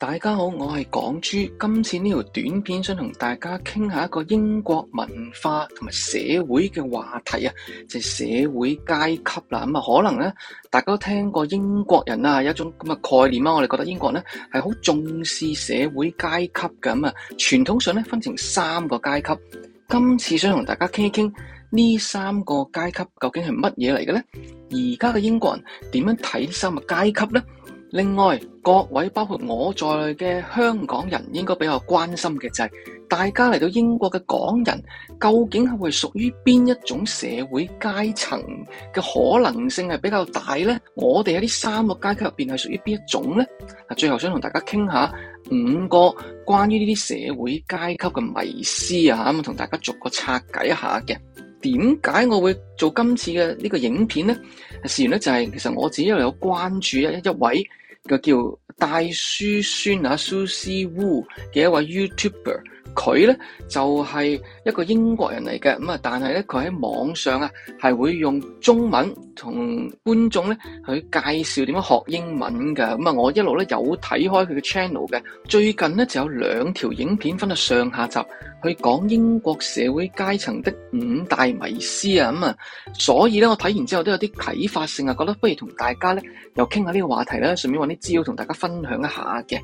大家好，我係港豬。今次呢條短片想同大家傾下一個英國文化同埋社會嘅話題啊，就係社會階級啦。咁啊，可能咧，大家都聽過英國人啊，有一種咁嘅概念啊。我哋覺得英國人咧係好重視社會階級㗎。咁啊，傳統上咧分成三個階級。今次想同大家傾一傾呢三個階級究竟係乜嘢嚟嘅咧？而家嘅英國人點樣睇呢三個階級咧？另外，各位包括我在內嘅香港人，應該比較關心嘅就係、是，大家嚟到英國嘅港人，究竟係會屬於邊一種社會階層嘅可能性係比較大呢？我哋喺呢三個階級入面係屬於邊一種呢？啊，最後想同大家傾下五個關於呢啲社會階級嘅迷思啊，咁同大家逐個拆解一下嘅。點解我會做今次嘅呢個影片咧？事緣咧就係、是、其實我自己有關注一一位嘅叫大舒宣啊，Suzy Wu 嘅一位 YouTuber。佢呢就係一個英國人嚟嘅，咁啊，但係呢，佢喺網上啊係會用中文同觀眾呢去介紹點樣學英文嘅，咁啊，我一路呢有睇開佢嘅 channel 嘅，最近呢就有兩條影片分到上下集去講英國社會階層的五大迷思啊，咁啊，所以呢，我睇完之後都有啲啟發性啊，覺得不如同大家呢又傾下呢個話題啦，順便揾啲資料同大家分享一下嘅。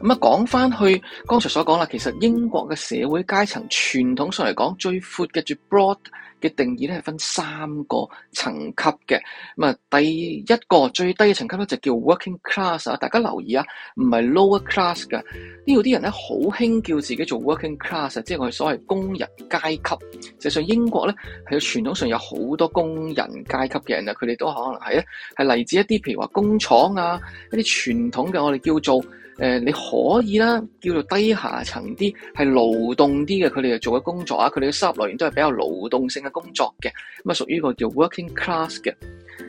咁啊，講翻去剛才所講啦，其實英國嘅社會階層傳統上嚟講，最闊嘅最 broad 嘅定義咧係分三個層級嘅。咁啊，第一個最低嘅層級咧就叫 working class 啊，大家留意啊，唔係 lower class 嘅呢度啲人咧好興叫自己做 working class，即係我哋所謂工人階級。實際上英國咧係傳統上有好多工人階級嘅人啊，佢哋都可能係咧係嚟自一啲譬如話工廠啊，一啲傳統嘅我哋叫做。誒、呃、你可以啦，叫做低下層啲，係勞動啲嘅，佢哋做嘅工作啊，佢哋嘅收入來源都係比較勞動性嘅工作嘅，咁啊屬於一個叫 working class 嘅。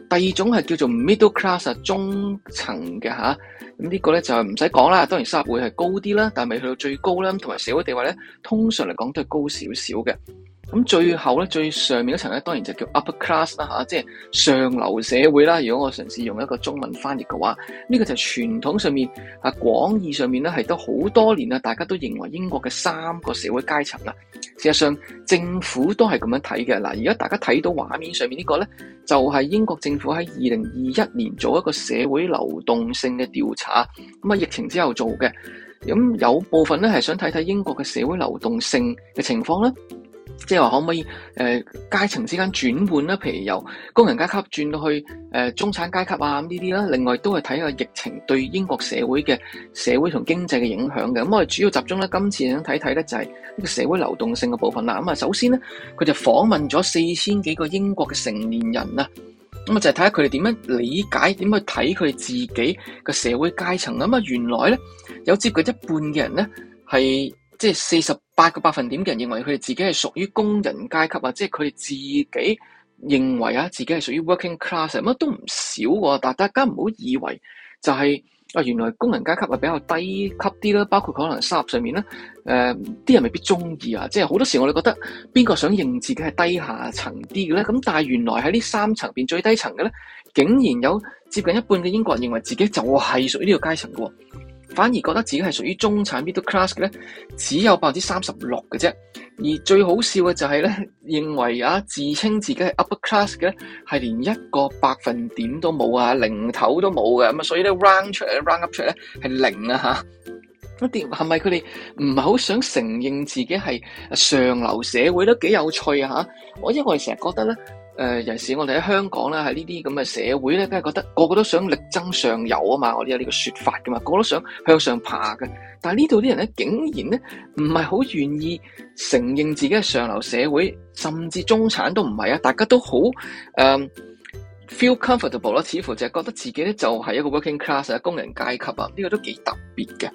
第二種係叫做 middle class 啊，中層嘅吓，咁、啊啊嗯這個、呢個咧就唔使講啦，當然收入會係高啲啦，但係未去到最高啦，同埋社會地位咧，通常嚟講都係高少少嘅。咁最後咧，最上面嗰層咧，當然就叫 upper class 啦，吓，即係上流社會啦。如果我嘗試用一個中文翻譯嘅話，呢個就係傳統上面啊，廣義上面咧，係都好多年啦，大家都認為英國嘅三個社會階層啦。事實上，政府都係咁樣睇嘅嗱。而家大家睇到畫面上面呢個呢，就係英國政府喺二零二一年做一個社會流動性嘅調查，咁啊，疫情之後做嘅。咁有部分呢係想睇睇英國嘅社會流動性嘅情況啦即係話可唔可以誒、呃、階層之間轉換啦？譬如由工人階級轉到去誒、呃、中產階級啊，咁呢啲啦。另外都係睇下疫情對英國社會嘅社會同經濟嘅影響嘅。咁、嗯、我哋主要集中咧，今次想睇睇咧就係呢個社會流動性嘅部分啦。咁、嗯、啊首先咧，佢就訪問咗四千幾個英國嘅成年人啊。咁、嗯、啊就係睇下佢哋點樣理解、點去睇佢哋自己嘅社會階層。咁、嗯、啊原來咧，有接近一半嘅人咧係。是即係四十八個百分點嘅人認為佢哋自己係屬於工人階級啊！即係佢哋自己認為啊，自己係屬於 working class 乜都唔少喎。但大家唔好以為就係、是、啊，原來工人階級係比較低級啲啦，包括可能收入上面咧，誒、呃、啲人未必中意啊！即係好多時我哋覺得邊個想認自己係低下層啲嘅咧？咁但係原來喺呢三層面最低層嘅咧，竟然有接近一半嘅英國人認為自己就係屬於呢個階層嘅。反而覺得自己係屬於中產 middle class 嘅咧，只有百分之三十六嘅啫。而最好笑嘅就係咧，認為啊自稱自己係 upper class 嘅，係連一個百分點都冇啊，零頭都冇嘅。咁啊，所以咧 round 出嚟 round up 出嚟咧係零啊嚇。咁點，係咪佢哋唔係好想承認自己係上流社會，都幾有趣啊嚇？我因為成日覺得咧。誒、呃，尤其是我哋喺香港咧，喺呢啲咁嘅社會咧，都係覺得個個都想力爭上游啊嘛！我哋有呢個說法㗎嘛，個個都想向上爬嘅。但係呢度啲人咧，竟然咧唔係好願意承認自己係上流社會，甚至中產都唔係啊！大家都好誒、呃、feel comfortable 啦、啊，似乎就係覺得自己咧就係、是、一個 working class 啊，工人階級啊，呢、這個都幾特別嘅。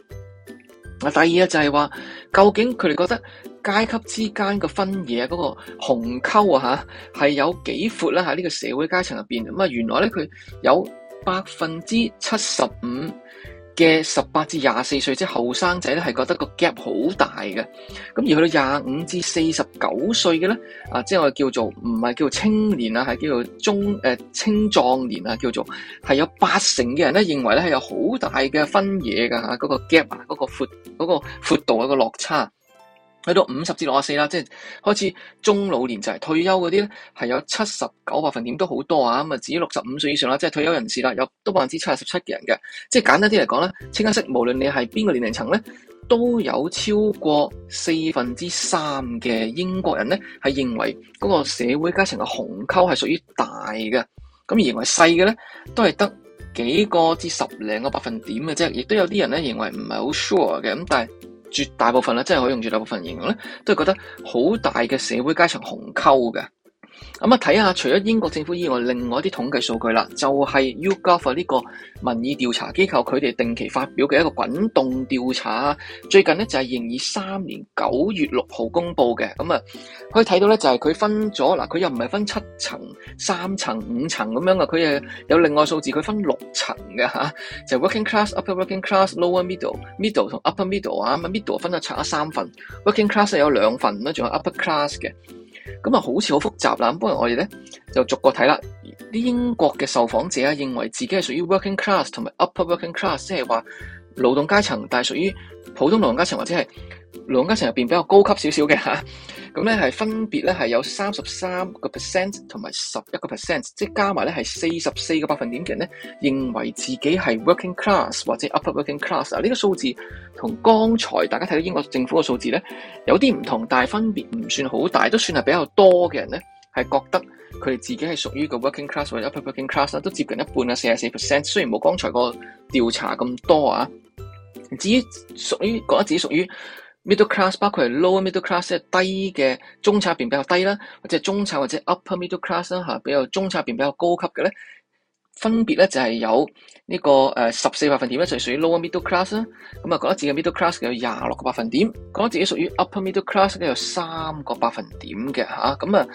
啊，第二啊就係話，究竟佢哋覺得階級之間嘅分野嗰個鴻溝啊嚇，係有幾闊咧，喺呢個社會階層入邊？咁啊原來咧佢有百分之七十五，嘅十八至廿四歲即係後生仔咧，係覺得個 gap 好大嘅。咁而去到廿五至四十九歲嘅咧，啊，即係我哋叫做唔係叫做青年啊，係叫做中誒、呃、青壯年啊，叫做係有八成嘅人咧，認為咧係有好大嘅分野㗎嚇，嗰個 gap 啊，嗰個闊嗰個闊度有，個落差。去到五十至六十四啦，即係開始中老年就係退休嗰啲咧，係有七十九百分點都好多啊！咁啊，至於六十五歲以上啦，即係退休人士啦，有都百分之七十七嘅人嘅。即係簡單啲嚟講咧，清一色，無論你係邊個年齡層咧，都有超過四分之三嘅英國人咧係認為嗰個社會階層嘅鴻溝係屬於大嘅。咁而認為細嘅咧，都係得幾個至十零個百分點嘅啫。亦都有啲人咧認為唔係好 sure 嘅。咁但係。絕大部分咧，真係可以用絕大部分形容咧，都係覺得好大嘅社會階層鴻溝嘅。咁啊，睇下除咗英國政府以外，另外一啲統計數據啦，就係、是、YouGov 呢個民意調查機構佢哋定期發表嘅一個滾動調查，最近呢，就係二零二三年九月六號公布嘅。咁、嗯、啊，可以睇到咧，就係佢分咗嗱，佢又唔係分七層、三層、五層咁樣嘅，佢誒有另外數字，佢分六層嘅嚇。就係、working class、upper working class、lower middle, middle, middle、嗯、middle 同 upper middle 啊，middle 分咗拆三份，working class 有兩份啦，仲有 upper class 嘅。咁啊，好似好複雜啦。不如我哋咧就逐個睇啦。啲英國嘅受訪者啊，認為自己係屬於 working class 同埋 upper working class，即係話勞動階層，但係屬於普通勞動階層或者係勞動階層入邊比較高級少少嘅吓咁咧係分別咧係有三十三個 percent 同埋十一個 percent，即係加埋咧係四十四個百分點嘅人咧，認為自己係 working class 或者 upper working class 啊，呢個數字同剛才大家睇到英國政府嘅數字咧有啲唔同，但係分別唔算好大，都算係比較多嘅人咧係覺得佢哋自己係屬於個 working class 或者 upper working class 都接近一半啊，四十四 percent，雖然冇剛才個調查咁多啊。至於屬於覺得自己屬於。middle class 包括係 lower middle class 低嘅中產邊比較低啦，或者係中產或者 upper middle class 啦嚇，比較中產邊比較高級嘅咧，分別咧就係有呢個誒十四百分點咧，就係屬於 lower middle class 啦。咁啊，覺得自己嘅 middle class 有廿六個百分點，覺得自己屬於 upper middle class 咧有三個百分點嘅嚇。咁啊，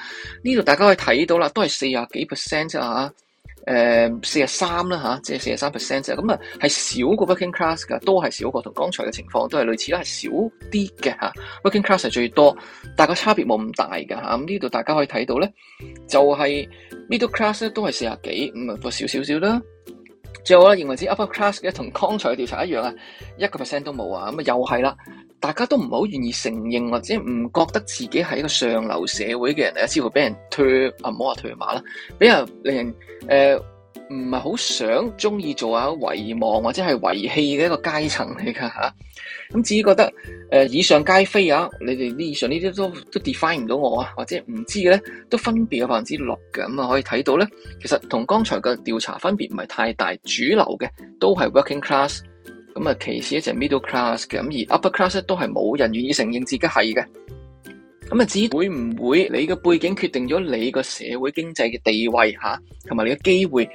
呢度大家可以睇到啦，都係四十幾 percent 啫嚇。誒四十三啦嚇，即係四十三 percent 啫，咁啊係少過 working class 噶，都係少過，同剛才嘅情況都係類似啦，係少啲嘅嚇，working class 係最多，但個差別冇咁大嘅嚇，咁呢度大家可以睇到咧，就係 middle class 咧都係四十幾，咁啊個少少少啦，最後啦，認為自己 upper class 嘅同剛才嘅調查一樣啊，一個 percent 都冇啊，咁啊又係啦。大家都唔係好願意承認或者唔覺得自己係一個上流社會嘅人，似乎俾人推，啊唔好話唾罵啦，俾人令人誒唔係好想鍾意做下遺忘或者係遺棄嘅一個階層嚟噶吓。咁、嗯、至於覺得誒、呃、以上皆非啊，你哋呢以上呢啲都都 define 唔到我啊，或者唔知嘅咧都分別有百分之六嘅咁啊，可以睇到咧，其實同剛才嘅調查分別唔係太大，主流嘅都係 working class。咁啊，其次一就 middle class，嘅，咁而 upper class 都係冇人願意承認自己係嘅。咁啊，至於會唔會你嘅背景決定咗你個社會經濟嘅地位吓，啊，同埋你嘅機會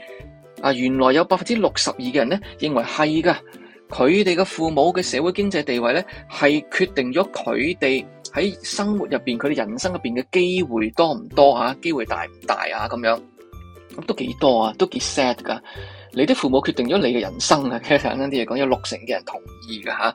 啊？原來有百分之六十二嘅人咧，認為係噶，佢哋嘅父母嘅社會經濟地位咧，係決定咗佢哋喺生活入邊佢哋人生入邊嘅機會多唔多吓，啊，機會大唔大啊？咁樣咁都幾多啊，都幾 sad 噶。你的父母決定咗你嘅人生啊！其實簡單啲嚟講，有六成嘅人同意㗎吓。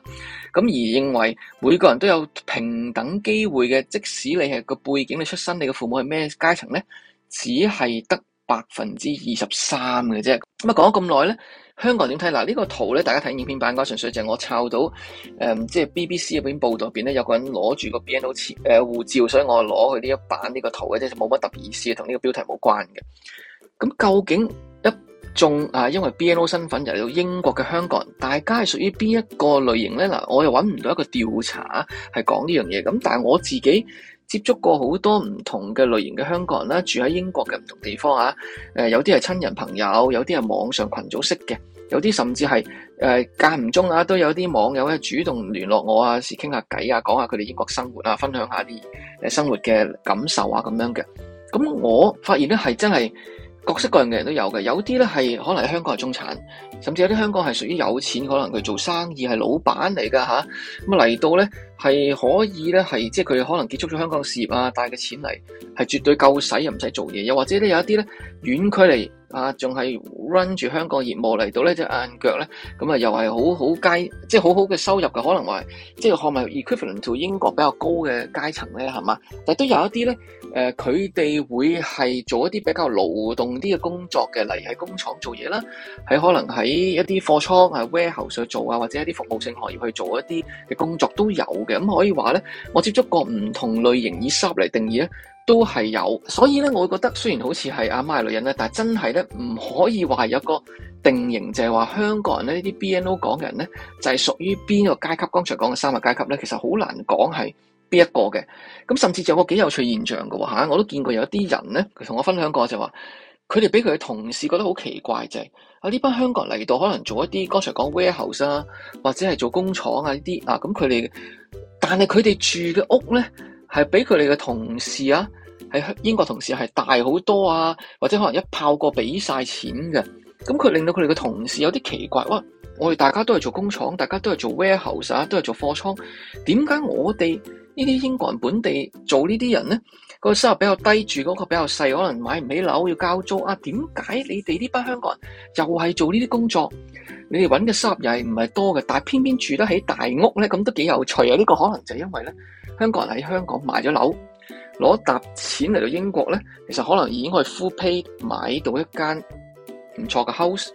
咁、啊、而認為每個人都有平等機會嘅，即使你係個背景，你出身，你嘅父母係咩階層咧，只係得百分之二十三嘅啫。咁啊講咗咁耐咧，香港人點睇嗱？呢、呢個圖咧，大家睇影片版嘅，純粹就係我抄到誒，即、嗯、係、就是、BBC 嗰篇報道入邊咧，有個人攞住個 BNO 簽誒護照，所以我攞佢呢一版呢個圖嘅啫，就冇乜特別意思，同呢個標題冇關嘅。咁究竟？仲啊，因為 BNO 身份入嚟到英國嘅香港人，大家係屬於邊一個類型呢？嗱，我又揾唔到一個調查係講呢樣嘢咁，但係我自己接觸過好多唔同嘅類型嘅香港人啦，住喺英國嘅唔同地方啊。誒，有啲係親人朋友，有啲係網上群組識嘅，有啲甚至係誒間唔中啊，都、呃、有啲網友咧主動聯絡我啊，是傾下偈啊，講下佢哋英國生活啊，分享下啲誒生活嘅感受啊咁樣嘅。咁我發現呢係真係，各式各樣嘅人都有嘅，有啲咧係可能喺香港係中產，甚至有啲香港係屬於有錢，可能佢做生意係老闆嚟嘅吓，咁嚟到咧係可以咧係即係佢可能結束咗香港嘅事業啊，帶嘅錢嚟係絕對夠使又唔使做嘢，又或者咧有一啲咧遠距離。啊，仲係 run 住香港業務嚟到呢，即係硬腳咧，咁啊又係好好街，即係好好嘅收入嘅，可能係即係唔咪 equivalent to 英國比較高嘅階層咧，係嘛？但係都有一啲咧，誒佢哋會係做一啲比較勞動啲嘅工作嘅，例如喺工廠做嘢啦，喺可能喺一啲貨倉啊 warehouse 去做啊，或者，或者一啲服務性行業去做一啲嘅工作都有嘅，咁、嗯、可以話咧，我接觸過唔同類型以收入嚟定義呢。都係有，所以咧，我覺得雖然好似係阿媽女人咧，但係真係咧，唔可以話有個定型，就係話香港人咧，呢啲 BNO 講嘅人咧，就係屬於邊個階級？剛才講嘅三個階級咧，其實好難講係邊一個嘅。咁甚至有個幾有趣現象嘅吓，我都見過有啲人咧，佢同我分享過，就話佢哋俾佢嘅同事覺得好奇怪，就係啊，呢班香港人嚟到可能做一啲剛才講 warehouse 啊，或者係做工廠啊呢啲啊，咁佢哋，但係佢哋住嘅屋咧係俾佢哋嘅同事啊。喺英國同事係大好多啊，或者可能一炮過俾晒錢嘅，咁佢令到佢哋嘅同事有啲奇怪。哇！我哋大家都係做工廠，大家都係做 warehouse 啊，都係做貨倉，點解我哋呢啲英國人本地做呢啲人咧，個收入比較低，住嗰個比較細，可能買唔起樓要交租啊？點解你哋呢班香港人又係做呢啲工作？你哋揾嘅收入又係唔係多嘅？但係偏偏住得起大屋咧，咁都幾有趣啊！呢個可能就係因為咧，香港人喺香港買咗樓。攞一沓錢嚟到英國咧，其實可能已經可以 full pay 買到一間唔錯嘅 house，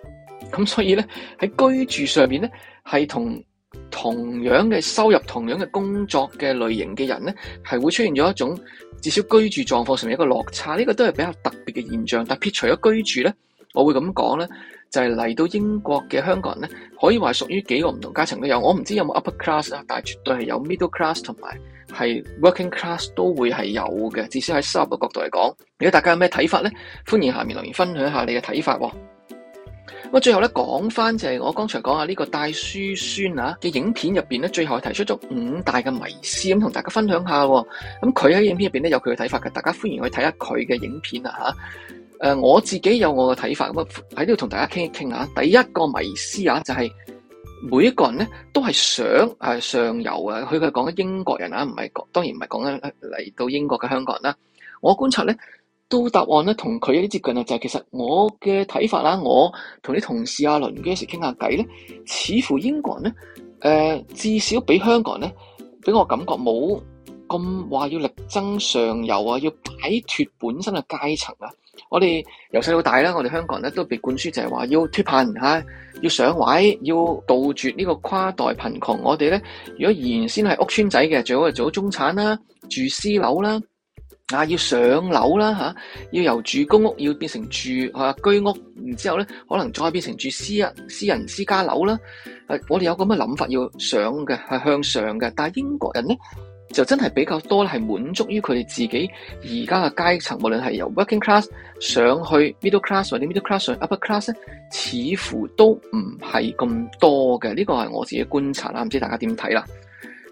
咁所以咧，喺居住上面咧，係同同樣嘅收入、同樣嘅工作嘅類型嘅人咧，係會出現咗一種至少居住狀況上面一個落差，呢、呢個都係比較特別嘅現象。但撇除咗居住咧，我會咁講咧，就係、係、嚟到英國嘅香港人咧，可以話屬於幾個唔同階層都有。我唔知道有冇 upper class 啊，但係絕對係有 middle class 同埋。係 working class 都會係有嘅，至少喺收入嘅角度嚟講，如果大家有咩睇法咧？歡迎下面留言分享下你嘅睇法。咁最後咧講翻，就係我剛才講下呢個大書酸啊嘅影片入邊咧，最後提出咗五大嘅迷思咁，同大家分享下。咁佢喺影片入邊咧有佢嘅睇法嘅，大家歡迎去睇下佢嘅影片啊嚇。誒、呃，我自己有我嘅睇法，咁啊喺呢度同大家傾一傾啊。第一個迷思啊，就係、是。每一個人咧都係想係上游啊！佢佢講緊英國人啊，唔係當然唔係講緊嚟到英國嘅香港人啦。我觀察咧，都答案咧同佢一啲接近啊，就係、是、其實我嘅睇法啦，我同啲同事啊、鄰居一時傾下偈咧，似乎英國人咧，誒、呃、至少比香港人咧，俾我感覺冇咁話要力爭上游啊，要擺脫本身嘅階層啊。我哋由細到大啦，我哋香港人咧都被灌輸就係話要脫貧吓，要上位，要杜絕呢個跨代貧窮。我哋咧如果原先係屋村仔嘅，最好係做到中產啦，住私樓啦，啊要上樓啦吓，要由住公屋要變成住啊居屋，然之後咧可能再變成住私啊私人私家樓啦。誒，我哋有咁嘅諗法，要上嘅係向上嘅，但係英國人咧。就真係比較多咧，係滿足於佢哋自己而家嘅階層，無論係由 working class 上去 middle class 或者 middle class 上 upper class 咧，似乎都唔係咁多嘅。呢個係我自己觀察啦，唔知大家點睇啦。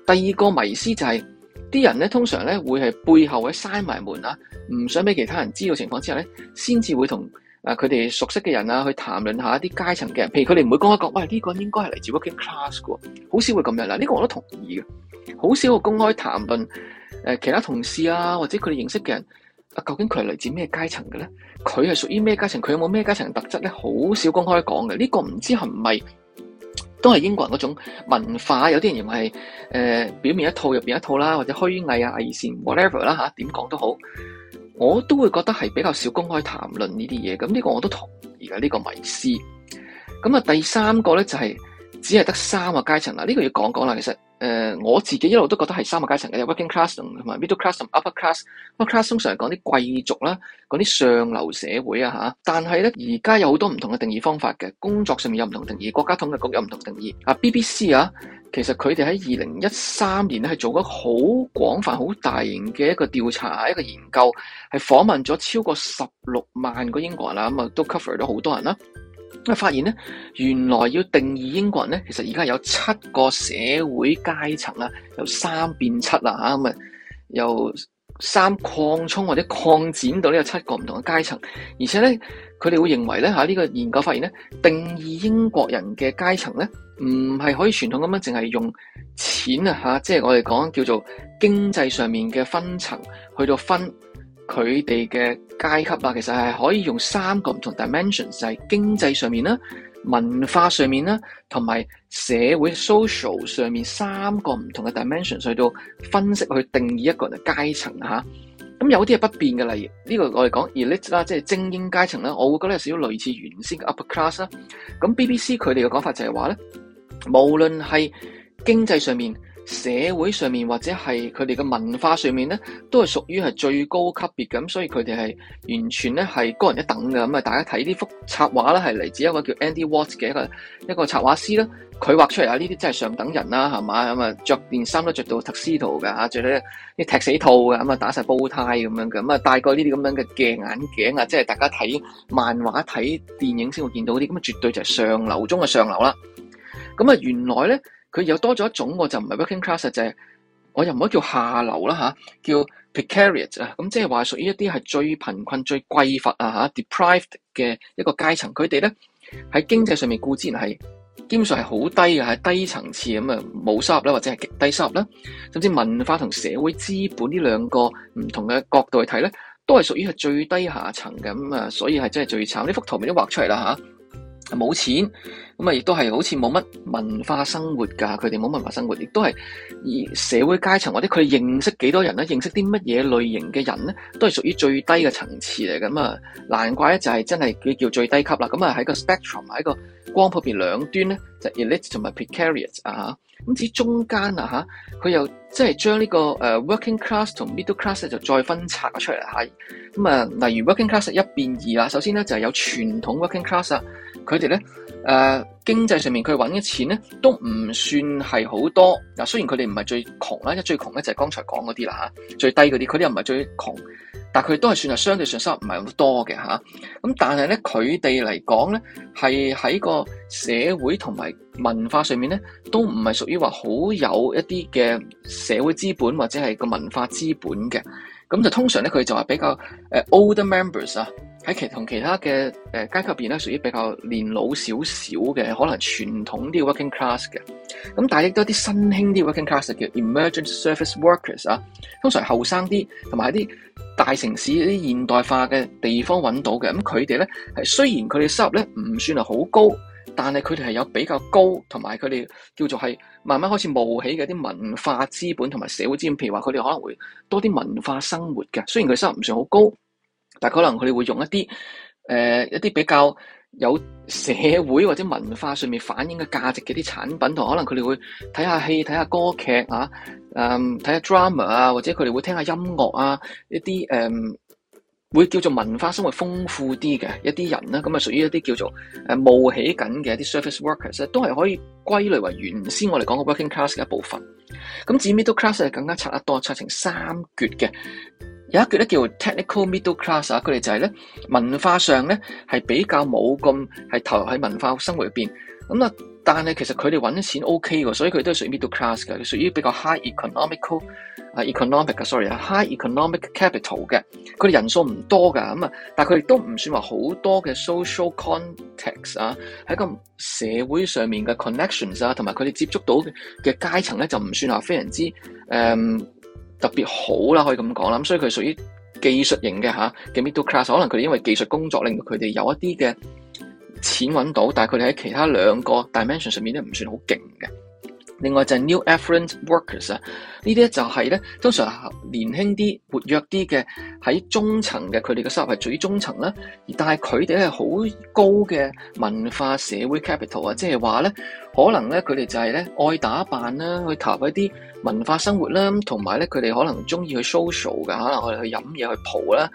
第二個迷思就係、是、啲人咧，通常咧會係背後咧閂埋門啊，唔想俾其他人知道情況之下咧，先至會同。啊！佢哋熟悉嘅人啊，去談論一下一啲階層嘅人，譬如佢哋唔會公開講，喂，呢個應該係嚟自 working class 嘅，好少會咁樣。嗱，呢個我都同意嘅，好少會公開談論誒，其他同事啊，或者佢哋認識嘅人啊，究竟佢係嚟自咩階層嘅咧？佢係屬於咩階層？佢有冇咩階層特質咧？好少公開講嘅。呢個唔知係唔係都係英國人嗰種文化？有啲人認為係誒表面一套入邊一套啦，或者虛偽啊、偽善 whatever 啦、啊、吓，點、啊、講都好。我都會覺得係比較少公開談論呢啲嘢，咁呢個我都同意而家呢個迷思。咁啊，第三個咧就係、是、只係得三個階層啦，呢、這個要講講啦，其實。誒、呃、我自己一路都覺得係三個階層嘅 working class 同埋 middle class 同 upper class，upper class 通常係講啲貴族啦，講啲上流社會啊嚇。但係咧，而家有好多唔同嘅定義方法嘅，工作上面有唔同的定義，國家統計局有唔同的定義。啊 BBC 啊，其實佢哋喺二零一三年咧係做咗好廣泛、好大型嘅一個調查、一個研究，係訪問咗超過十六萬個英國人啦、啊，咁啊都 cover 咗好多人啦、啊。咁啊，發現咧，原來要定義英國人咧，其實而家有七個社會階層啦，由三變七啦嚇，咁啊由三擴充或者擴展到呢個七個唔同嘅階層，而且咧，佢哋會認為咧嚇呢個研究發現咧，定義英國人嘅階層咧，唔係可以傳統咁樣淨係用錢啊吓，即係我哋講叫做經濟上面嘅分層去到分。佢哋嘅階級啊，其實係可以用三個唔同 dimension，就係經濟上面啦、文化上面啦、同埋社會 social 上面三個唔同嘅 dimension 去到分析去定義一個人嘅階層吓，咁有啲係不變嘅，例如呢個我哋講 elite 啦，即係精英階層啦，我會覺得係有少少類似原先嘅 upper class 啦。咁 BBC 佢哋嘅講法就係話咧，無論係經濟上面。社會上面或者係佢哋嘅文化上面咧，都係屬於係最高級別嘅，咁所以佢哋係完全咧係高人一等嘅。咁啊，大家睇呢幅插畫咧，係嚟自一個叫 Andy Watts 嘅一個一個插畫師啦。佢畫出嚟啊，呢啲真係上等人啦，係嘛？咁啊，著件衫都着到 tuxedo 㗎吓，著到啲踢死兔嘅，咁啊打晒煲呔咁樣嘅，咁啊戴過呢啲咁樣嘅鏡眼鏡啊，即係大家睇漫畫睇電影先會見到啲，咁啊絕對就係上流中嘅上流啦。咁啊，原來咧～佢又多咗一種，我就唔係 working class 就係、是、我又唔可以叫下流啦，叫 precariat 啊，咁即係話屬於一啲係最貧困、最匱乏啊 deprived 嘅一個階層，佢哋咧喺經濟上面固之然係基本上係好低嘅，係低層次咁啊，冇收入啦，或者係極低收入啦，甚至文化同社會資本呢兩個唔同嘅角度去睇咧，都係屬於係最低下層咁啊，所以係真係最慘，呢幅圖咪都畫出嚟啦冇錢，咁啊，亦都係好似冇乜文化生活㗎。佢哋冇文化生活，亦都係社會階層或者佢認識幾多人咧？認識啲乜嘢類型嘅人咧？都係屬於最低嘅層次嚟，咁啊，難怪咧就係真係叫叫最低級啦。咁啊，喺個 spectrum 喺個光譜邊兩端咧就是、elite 同埋 precariat 啊，咁，至於中間啊，佢又即係將呢個 working class 同 middle class 就再分拆咗出嚟係，咁啊，例如 working class 一變二啊。首先咧就係有傳統 working class。佢哋咧，誒、呃、經濟上面佢揾嘅錢咧都唔算係好多。嗱，雖然佢哋唔係最窮啦，一最窮咧就係剛才講嗰啲啦嚇，最低嗰啲，佢哋又唔係最窮，但係佢都係算係相對上收入唔係咁多嘅嚇。咁、啊、但係咧，佢哋嚟講咧，係喺個社會同埋文化上面咧，都唔係屬於話好有一啲嘅社會資本或者係個文化資本嘅。咁就通常咧，佢哋就話比較誒 older members 啊。喺其同其他嘅誒、呃、階級入邊咧，屬於比較年老少少嘅，可能傳統啲 working class 嘅。咁但係亦都一啲新興啲 working class 嘅，叫 emerging service workers 啊。通常後生啲，同埋一啲大城市啲現代化嘅地方揾到嘅。咁佢哋咧係雖然佢哋收入咧唔算係好高，但係佢哋係有比較高，同埋佢哋叫做係慢慢開始冒起嘅啲文化資本同埋社會資本，譬如話佢哋可能會多啲文化生活嘅。雖然佢收入唔算好高。但可能佢哋會用一啲誒、呃、一啲比較有社會或者文化上面反映嘅價值嘅啲產品，同可能佢哋會睇下戲、睇下歌劇啊，誒、嗯、睇下 drama 啊，或者佢哋會聽下音樂啊，一啲誒、嗯、會叫做文化生活豐富啲嘅一啲人咧，咁啊屬於一啲叫做誒冒起緊嘅一啲 service workers 都係可以歸類為原先我哋講嘅 working class 嘅一部分。咁至 middle class 係更加拆得多，拆成三橛嘅。有一句咧叫 technical middle class 啊，佢哋就係咧，文化上咧係比較冇咁係投入喺文化生活入邊。咁啊，但係其實佢哋揾錢 OK 噶，所以佢哋都係屬於 middle class 嘅，屬於比較 high economical 啊 economic sorry high economic capital 嘅。佢哋人數唔多噶，咁啊，但係佢哋都唔算話好多嘅 social contacts 啊，喺個社會上面嘅 connections 啊，同埋佢哋接觸到嘅階層咧，就唔算話非常之誒。嗯特別好啦，可以咁講啦，咁所以佢屬於技術型嘅吓嘅 middle class，可能佢哋因為技術工作令到佢哋有一啲嘅錢揾到，但係佢哋喺其他兩個 dimension 上面都唔算好勁嘅。另外就係 new affluent workers 啊，呢啲咧就係咧通常年輕啲、活躍啲嘅喺中層嘅，佢哋嘅收入係最中層啦。而但係佢哋係好高嘅文化社會 capital 啊，即係話咧可能咧佢哋就係咧愛打扮啦，去談一啲文化生活啦，同埋咧佢哋可能中意去 social 嘅，可能我哋去飲嘢去蒲啦，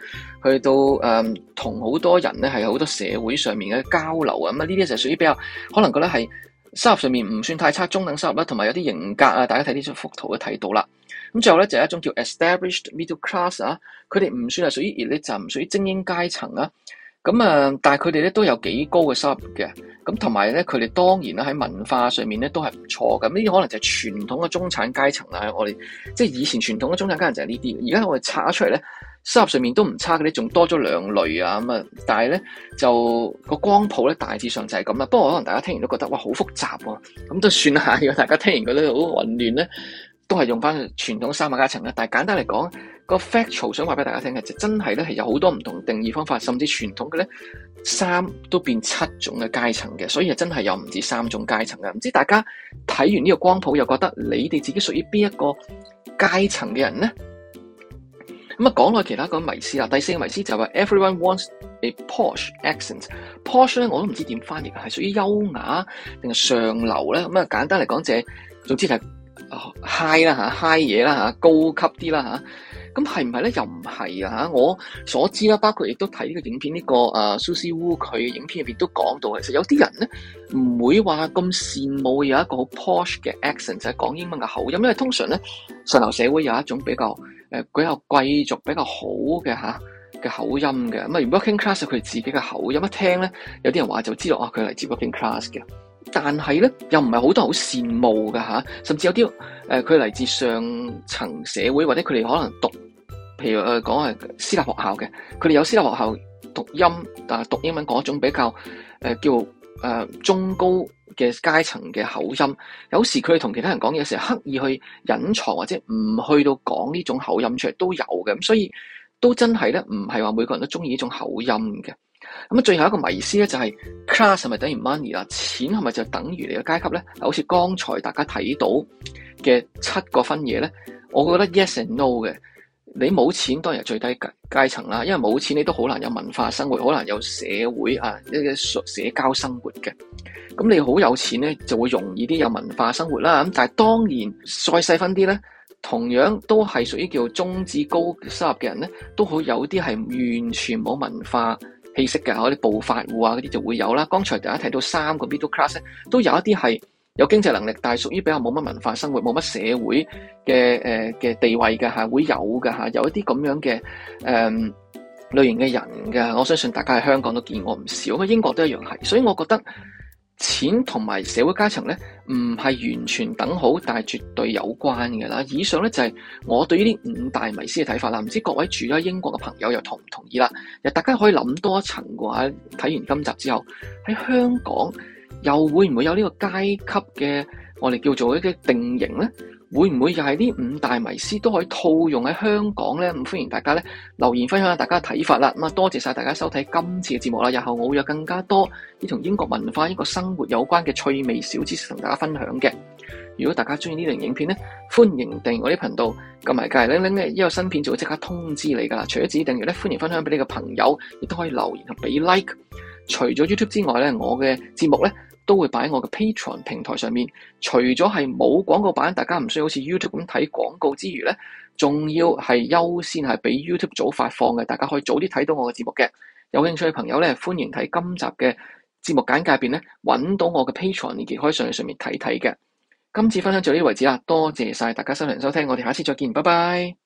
去到誒同好多人咧係好多社會上面嘅交流啊咁啊，呢啲就係屬於比較可能覺得係。收入上面唔算太差，中等收入啦，同埋有啲型格啊，大家睇呢張幅圖都睇到啦。咁最後咧就係一種叫 established middle class 啊，佢哋唔算係屬於 elite，就唔屬於精英階層啦。咁啊，但係佢哋咧都有幾高嘅收入嘅。咁同埋咧，佢哋當然咧喺文化上面咧都係唔錯㗎。呢啲可能就係傳統嘅中產階層啦。我哋即係以前傳統嘅中產階層就係呢啲，而家我哋拆咗出嚟咧。收入上面都唔差嘅咧，仲多咗兩類啊咁啊！但係咧就個光譜咧大致上就係咁啦。不過可能大家聽完都覺得哇好複雜喎，咁都算下。如果大家聽完嗰啲好混亂咧，都係用翻傳統三個階層咧。但係簡單嚟講，個 factual 想話俾大家聽嘅就真係咧係有好多唔同定義方法，甚至傳統嘅咧三都變七種嘅階層嘅，所以係真係有唔止三種階層嘅。唔知大家睇完呢個光譜又覺得你哋自己屬於邊一個階層嘅人咧？咁啊，講落其他個個迷思啦。第四個迷思就係、是、everyone wants a posh accent。Posh 咧，我都唔知點翻譯，係屬於優雅定係上流咧？咁、嗯、啊，簡單嚟講就係，總之就係、是、high、哦、啦嚇，high 嘢啦高級啲啦，咁係唔係咧？又唔係啊！我所知啦，包括亦都睇呢個影片，呢、這個啊蘇斯污佢影片入面都講到，其實有啲人咧唔會話咁羨慕有一個好 posh 嘅 accent，就係講英文嘅口音，因為通常咧上流社會有一種比較。誒、呃，比較貴族比較好嘅嚇嘅口音嘅。咁啊，而 Working Class 佢自己嘅口音一聽咧，有啲人話就知道啊佢嚟自 Working Class 嘅。但係咧，又唔係好多好羨慕嘅，甚至有啲誒佢嚟自上層社會，或者佢哋可能讀譬如誒、呃、講係私立學校嘅，佢哋有私立學校讀音啊，讀英文嗰種比較誒、呃、叫誒、呃、中高。嘅階層嘅口音，有時佢哋同其他人講嘢嘅時候，刻意去隱藏或者唔去到講呢種口音出嚟都有嘅，咁所以都真係咧，唔係話每個人都中意呢種口音嘅。咁啊，最後一個迷思咧就係，class 係咪等於 money 啊？錢係咪就等於你嘅階級咧？好似剛才大家睇到嘅七個分野咧，我覺得 yes and no 嘅。你冇錢，當然係最低階階層啦。因為冇錢，你都好難有文化生活，好難有社會啊，一啲社交生活嘅。咁你好有錢咧，就會容易啲有文化生活啦。咁但係當然再細分啲咧，同樣都係屬於叫中至高收入嘅人咧，都好有啲係完全冇文化氣息嘅，嗰啲暴發戶啊嗰啲就會有啦。剛才大家提到三個 middle class 呢，都有一啲係。有經濟能力，但係屬於比較冇乜文化、生活冇乜社會嘅誒嘅地位嘅嚇，會有嘅嚇，有一啲咁樣嘅誒、呃、類型嘅人嘅。我相信大家喺香港都見過唔少，喺英國都一樣係，所以我覺得錢同埋社會階層咧唔係完全等好，但係絕對有關嘅啦。以上咧就係、是、我對於呢五大迷思嘅睇法啦。唔知各位住咗英國嘅朋友又同唔同意啦？大家可以諗多一層嘅話，睇完今集之後喺香港，又會唔會有呢個階級嘅我哋叫做一啲定型呢？會唔會又係啲五大迷思都可以套用喺香港呢？咁歡迎大家呢留言分享下大家嘅睇法啦！咁啊，多謝晒大家收睇今次嘅節目啦！日後我會有更加多啲同英國文化、英國生活有關嘅趣味小知識同大家分享嘅。如果大家中意呢段影片呢，歡迎訂我啲頻道，撳埋隔離鈴鈴咧，一有新片就會即刻通知你噶啦！除咗自己訂閱咧，歡迎分享俾你嘅朋友，亦都可以留言同俾 like。除咗 YouTube 之外咧，我嘅節目咧都會擺喺我嘅 Patreon 平台上面。除咗係冇廣告版，大家唔需要好似 YouTube 咁睇廣告之餘咧，仲要係優先係俾 YouTube 早發放嘅，大家可以早啲睇到我嘅節目嘅。有興趣嘅朋友咧，歡迎睇今集嘅節目簡介入邊咧，揾到我嘅 Patreon，你哋可以上去上面睇睇嘅。今次分享就到呢個位置啦，多謝晒大家收聽收聽，我哋下次再見，拜拜。